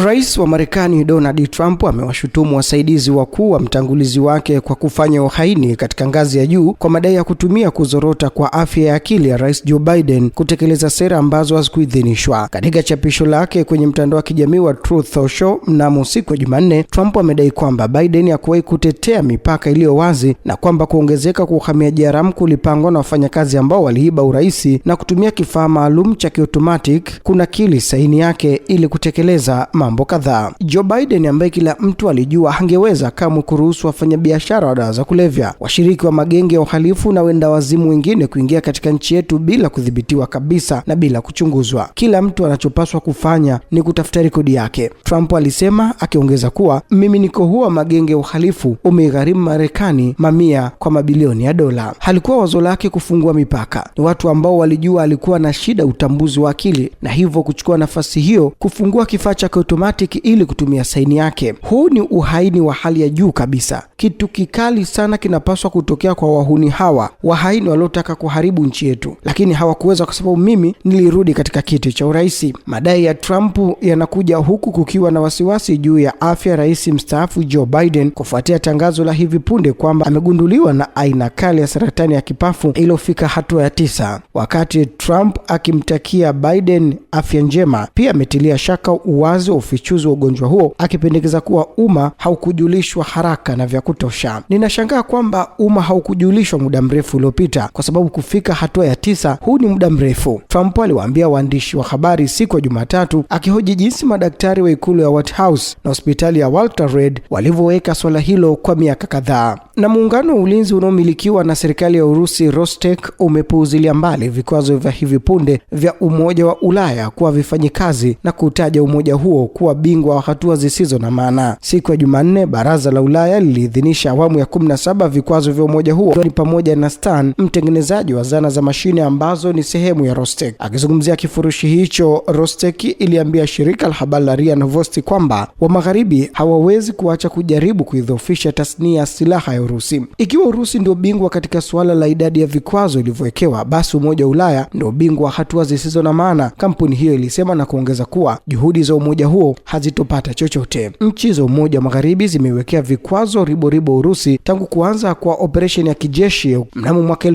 Rais wa Marekani Donald Trump amewashutumu wasaidizi wakuu wa mtangulizi wake kwa kufanya uhaini katika ngazi ya juu kwa madai ya kutumia kuzorota kwa afya ya akili ya Rais Joe Biden kutekeleza sera ambazo hazikuidhinishwa. Katika chapisho lake kwenye mtandao wa kijamii wa Truth Social mnamo siku ya Jumanne, Trump amedai kwamba Biden hakuwahi kutetea mipaka iliyo wazi na kwamba kuongezeka kwa uhamiaji haramu kulipangwa na wafanyakazi ambao waliiba uraisi na kutumia kifaa maalum cha kiotomatic kunakili saini yake ili kutekeleza mambo kadhaa. Joe Biden ambaye kila mtu alijua hangeweza kamwe kuruhusu wafanyabiashara wa dawa za kulevya, washiriki wa magenge ya uhalifu na wenda wazimu wengine kuingia katika nchi yetu bila kudhibitiwa kabisa na bila kuchunguzwa. Kila mtu anachopaswa kufanya ni kutafuta rekodi yake, Trump alisema, akiongeza kuwa mmiminiko huo wa magenge ya uhalifu umeigharimu Marekani mamia kwa mabilioni ya dola. Halikuwa wazo lake kufungua mipaka, ni watu ambao walijua alikuwa na shida utambuzi wa akili, na hivyo kuchukua nafasi hiyo kufungua kifaa chake automatic ili kutumia saini yake. Huu ni uhaini wa hali ya juu kabisa. Kitu kikali sana kinapaswa kutokea kwa wahuni hawa, wahaini waliotaka kuharibu nchi yetu, lakini hawakuweza kwa sababu mimi nilirudi katika kiti cha urais. Madai ya Trump yanakuja huku kukiwa na wasiwasi juu ya afya rais mstaafu Joe Biden kufuatia tangazo la hivi punde kwamba amegunduliwa na aina kali ya saratani ya kipafu iliyofika hatua ya tisa. Wakati Trump akimtakia Biden afya njema, pia ametilia shaka uwazi wa ufichuzi wa ugonjwa huo, akipendekeza kuwa umma haukujulishwa haraka na vya kutosha. Ninashangaa kwamba umma haukujulishwa muda mrefu uliopita, kwa sababu kufika hatua ya tisa, huu ni muda mrefu. Trump aliwaambia waandishi wa habari siku ya Jumatatu akihoji jinsi madaktari wa ikulu ya White House na hospitali ya Walter Reed walivyoweka swala hilo kwa miaka kadhaa. Na muungano wa ulinzi unaomilikiwa na serikali ya Urusi Rostec umepuuzilia mbali vikwazo vya hivi punde vya Umoja wa Ulaya kuwa vifanyi kazi na kutaja umoja huo kuwa bingwa wa hatua zisizo na maana. Siku ya Jumanne, baraza la Ulaya liliidhinisha awamu ya 17 vikwazo vya umoja huo, ni pamoja na Stan, mtengenezaji wa zana za mashine ambazo ni sehemu ya Rostec. Akizungumzia kifurushi hicho, Rostec iliambia shirika la habari la RIA Novosti kwamba wa magharibi hawawezi kuacha kujaribu kuidhoofisha tasnia ya silaha ya Urusi. Ikiwa Urusi ndio bingwa katika suala la idadi ya vikwazo ilivyowekewa, basi umoja wa Ulaya ndio bingwa hatua zisizo na maana, kampuni hiyo ilisema na kuongeza kuwa juhudi za umoja huo huo hazitopata chochote. Nchi za Umoja wa Magharibi zimewekea vikwazo riboribo Urusi tangu kuanza kwa operesheni ya kijeshi mnamo mwaka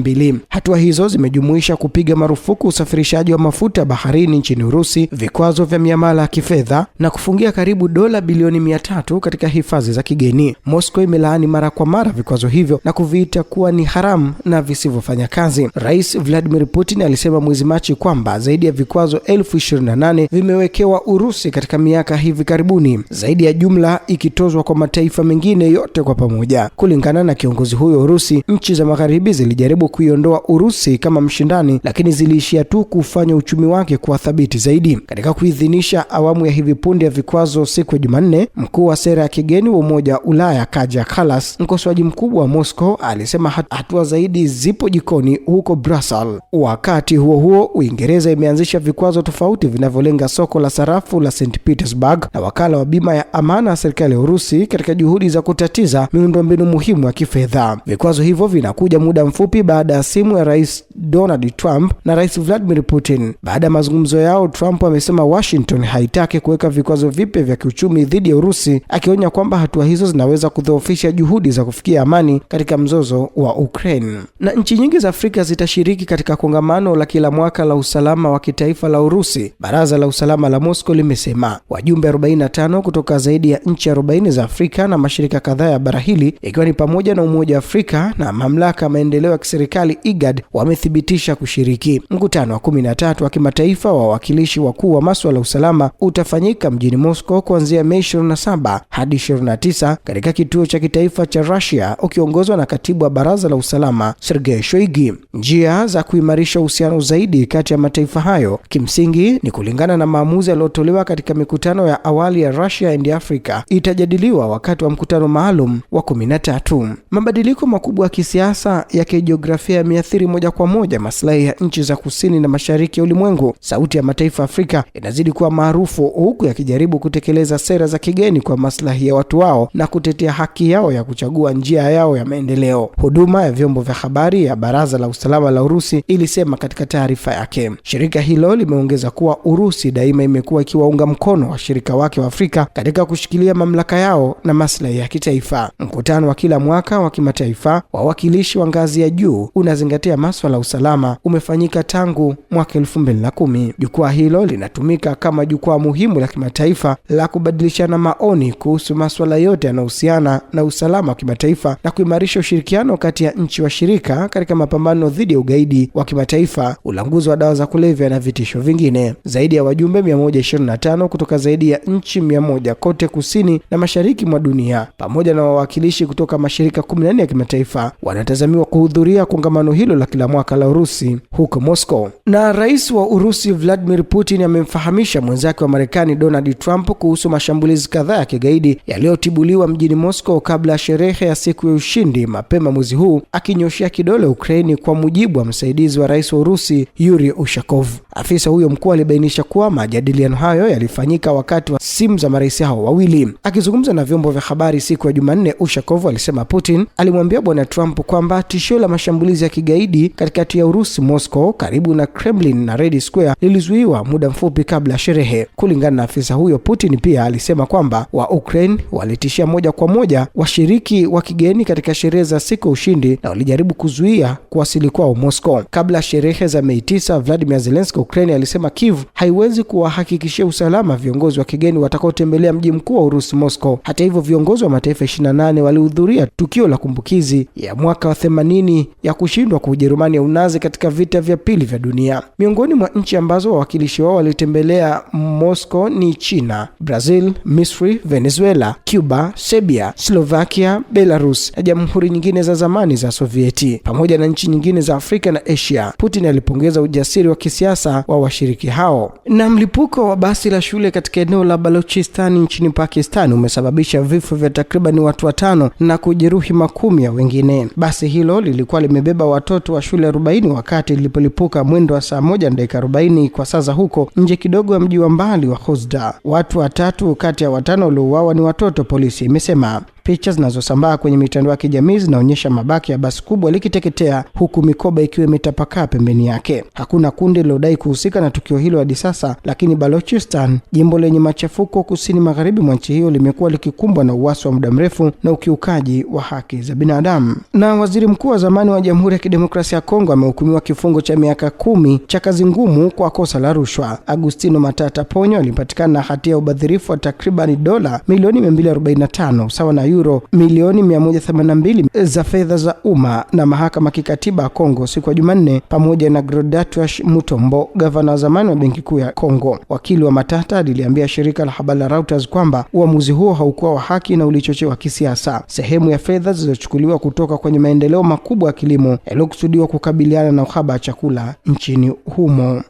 mbili. Hatua hizo zimejumuisha kupiga marufuku usafirishaji wa mafuta baharini nchini Urusi, vikwazo vya miamala ya kifedha na kufungia karibu dola bilioni tatu katika hifadhi za kigeni. Moscow imelaani mara kwa mara vikwazo hivyo na kuviita kuwa ni haramu na visivyofanya kazi. Rais Vladimir Putin alisema mwezi Machi kwamba zaidi ya vikwazo elfu ishirini na nane vimewekewa Urusi Urusi katika miaka hivi karibuni, zaidi ya jumla ikitozwa kwa mataifa mengine yote kwa pamoja. Kulingana na kiongozi huyo Urusi, nchi za magharibi zilijaribu kuiondoa Urusi kama mshindani, lakini ziliishia tu kufanya uchumi wake kuwa thabiti zaidi. Katika kuidhinisha awamu ya hivi punde ya vikwazo siku ya Jumanne, mkuu wa sera ya kigeni wa Umoja wa Ulaya Kaja Kallas, mkosoaji mkubwa wa Moscow, alisema hatua zaidi zipo jikoni huko Brussels. Wakati huo huo, Uingereza imeanzisha vikwazo tofauti vinavyolenga soko la sarafu sarafu la St Petersburg na wakala wa bima ya amana ya serikali ya Urusi katika juhudi za kutatiza miundombinu muhimu ya kifedha. Vikwazo hivyo vinakuja muda mfupi baada ya simu ya Rais Donald Trump na Rais Vladimir Putin. Baada ya mazungumzo yao, Trump amesema Washington haitaki kuweka vikwazo vipya vya kiuchumi dhidi ya Urusi, akionya kwamba hatua hizo zinaweza kudhoofisha juhudi za kufikia amani katika mzozo wa Ukraine. Na nchi nyingi za Afrika zitashiriki katika kongamano la kila mwaka la usalama wa kitaifa la Urusi. Baraza la usalama la Moscow limesema wajumbe 45 kutoka zaidi ya nchi 40 za Afrika na mashirika kadhaa ya bara hili ikiwa ni pamoja na Umoja wa Afrika na mamlaka ya maendeleo ya kiserikali IGAD wamethibitisha kushiriki. Mkutano wa 13 wa kimataifa wa wawakilishi wakuu wa masuala ya usalama utafanyika mjini Moscow kuanzia Mei 27 hadi 29 katika kituo cha kitaifa cha Russia ukiongozwa na katibu wa baraza la usalama Sergei Shoigu. Njia za kuimarisha uhusiano zaidi kati ya mataifa hayo kimsingi ni kulingana na maamuzi yaliyotolewa yaliyotolewa katika mikutano ya awali ya Russia and Africa itajadiliwa wakati wa mkutano maalum wa 13. Mabadiliko makubwa ya kisiasa ya kijiografia yameathiri moja kwa moja maslahi ya nchi za kusini na mashariki ya ulimwengu. Sauti ya Mataifa Afrika inazidi kuwa maarufu huku yakijaribu kutekeleza sera za kigeni kwa maslahi ya watu wao na kutetea haki yao ya kuchagua njia yao ya maendeleo. Huduma ya vyombo vya habari ya Baraza la Usalama la Urusi ilisema katika taarifa yake. Shirika hilo limeongeza kuwa Urusi daima imekuwa ikiwa akiwaunga mkono washirika wake wa Afrika katika kushikilia mamlaka yao na maslahi ya kitaifa. Mkutano wa kila mwaka wa kimataifa wawakilishi wa ngazi ya juu unazingatia maswala ya usalama umefanyika tangu mwaka 2010. Jukwaa hilo linatumika kama jukwaa muhimu la kimataifa la kubadilishana maoni kuhusu maswala yote yanayohusiana na usalama wa kimataifa na kuimarisha ushirikiano kati ya nchi washirika katika mapambano dhidi ya ugaidi wa kimataifa, ulanguzi wa dawa za kulevya na vitisho vingine. Zaidi ya wajumbe 25 kutoka zaidi ya nchi 100 kote kusini na mashariki mwa dunia pamoja na wawakilishi kutoka mashirika 14 ya kimataifa wanatazamiwa kuhudhuria kongamano hilo la kila mwaka la Urusi huko Moscow. Na rais wa Urusi Vladimir Putin amemfahamisha mwenzake wa Marekani Donald Trump kuhusu mashambulizi kadhaa ya kigaidi yaliyotibuliwa mjini Moscow kabla ya sherehe ya siku ya ushindi mapema mwezi huu, akinyoshea kidole Ukraini, kwa mujibu wa msaidizi wa rais wa Urusi Yuri Ushakov. Afisa huyo mkuu alibainisha kuwa majadiliano hayo hayo yalifanyika wakati wa simu za marais hao wawili. Akizungumza na vyombo vya habari siku ya Jumanne, Ushakov alisema Putin alimwambia bwana Trump kwamba tishio la mashambulizi ya kigaidi katikati ya Urusi, Moscow, karibu na Kremlin na Red Square lilizuiwa muda mfupi kabla ya sherehe. Kulingana na afisa huyo, Putin pia alisema kwamba wa Ukraine walitishia moja kwa moja washiriki wa kigeni katika sherehe za siku ya ushindi na walijaribu kuzuia kuwasili kwao Moscow. Kabla sherehe za Mei 9, Vladimir Zelensky Ukraine alisema Kiev haiwezi kuwahakikishia usalama viongozi wa kigeni watakaotembelea mji mkuu wa Urusi Moscow. Hata hivyo, viongozi wa mataifa 28 walihudhuria tukio la kumbukizi ya mwaka wa 80 ya kushindwa kwa Ujerumani ya Unazi katika vita vya pili vya dunia. Miongoni mwa nchi ambazo wawakilishi wao walitembelea Moscow ni China, Brazil, Misri, Venezuela, Cuba, Serbia, Slovakia, Belarus na jamhuri nyingine za zamani za Sovieti pamoja na nchi nyingine za Afrika na Asia. Putin alipongeza ujasiri wa kisiasa wa washiriki hao na mlipuko wa basi la shule katika eneo la Balochistan nchini Pakistan umesababisha vifo vya takriban watu watano na kujeruhi makumi ya wengine. Basi hilo lilikuwa limebeba watoto wa shule 40 wakati lilipolipuka mwendo wa saa moja na dakika 40 kwa sasa huko, nje kidogo ya mji wa mbali wa husda Watu watatu kati ya watano waliouawa ni watoto, polisi imesema. Picha zinazosambaa kwenye mitandao ya kijamii zinaonyesha mabaki ya basi kubwa likiteketea huku mikoba ikiwa imetapakaa pembeni yake. Hakuna kundi lilodai kuhusika na tukio hilo hadi sasa, lakini Balochistan, jimbo lenye machafuko kusini magharibi mwa nchi hiyo, limekuwa likikumbwa na uasi wa muda mrefu na ukiukaji wa haki za binadamu. Na waziri mkuu wa zamani wa Jamhuri ya Kidemokrasia ya Kongo amehukumiwa kifungo cha miaka kumi cha kazi ngumu kwa kosa la rushwa. Agustino Matata Ponyo alipatikana na hatia ya ubadhirifu wa takribani dola milioni 245 sawa na euro milioni 182 za fedha za umma na mahakama kikatiba ya Kongo siku ya Jumanne, pamoja na Grodatuash Mutombo, gavana wa zamani wa benki kuu ya Kongo. Wakili wa Matata liliambia shirika la habari la Reuters kwamba uamuzi huo haukuwa wa haki na ulichochewa kisiasa. Sehemu ya fedha zilizochukuliwa kutoka kwenye maendeleo makubwa ya kilimo yaliyokusudiwa kukabiliana na uhaba wa chakula nchini humo.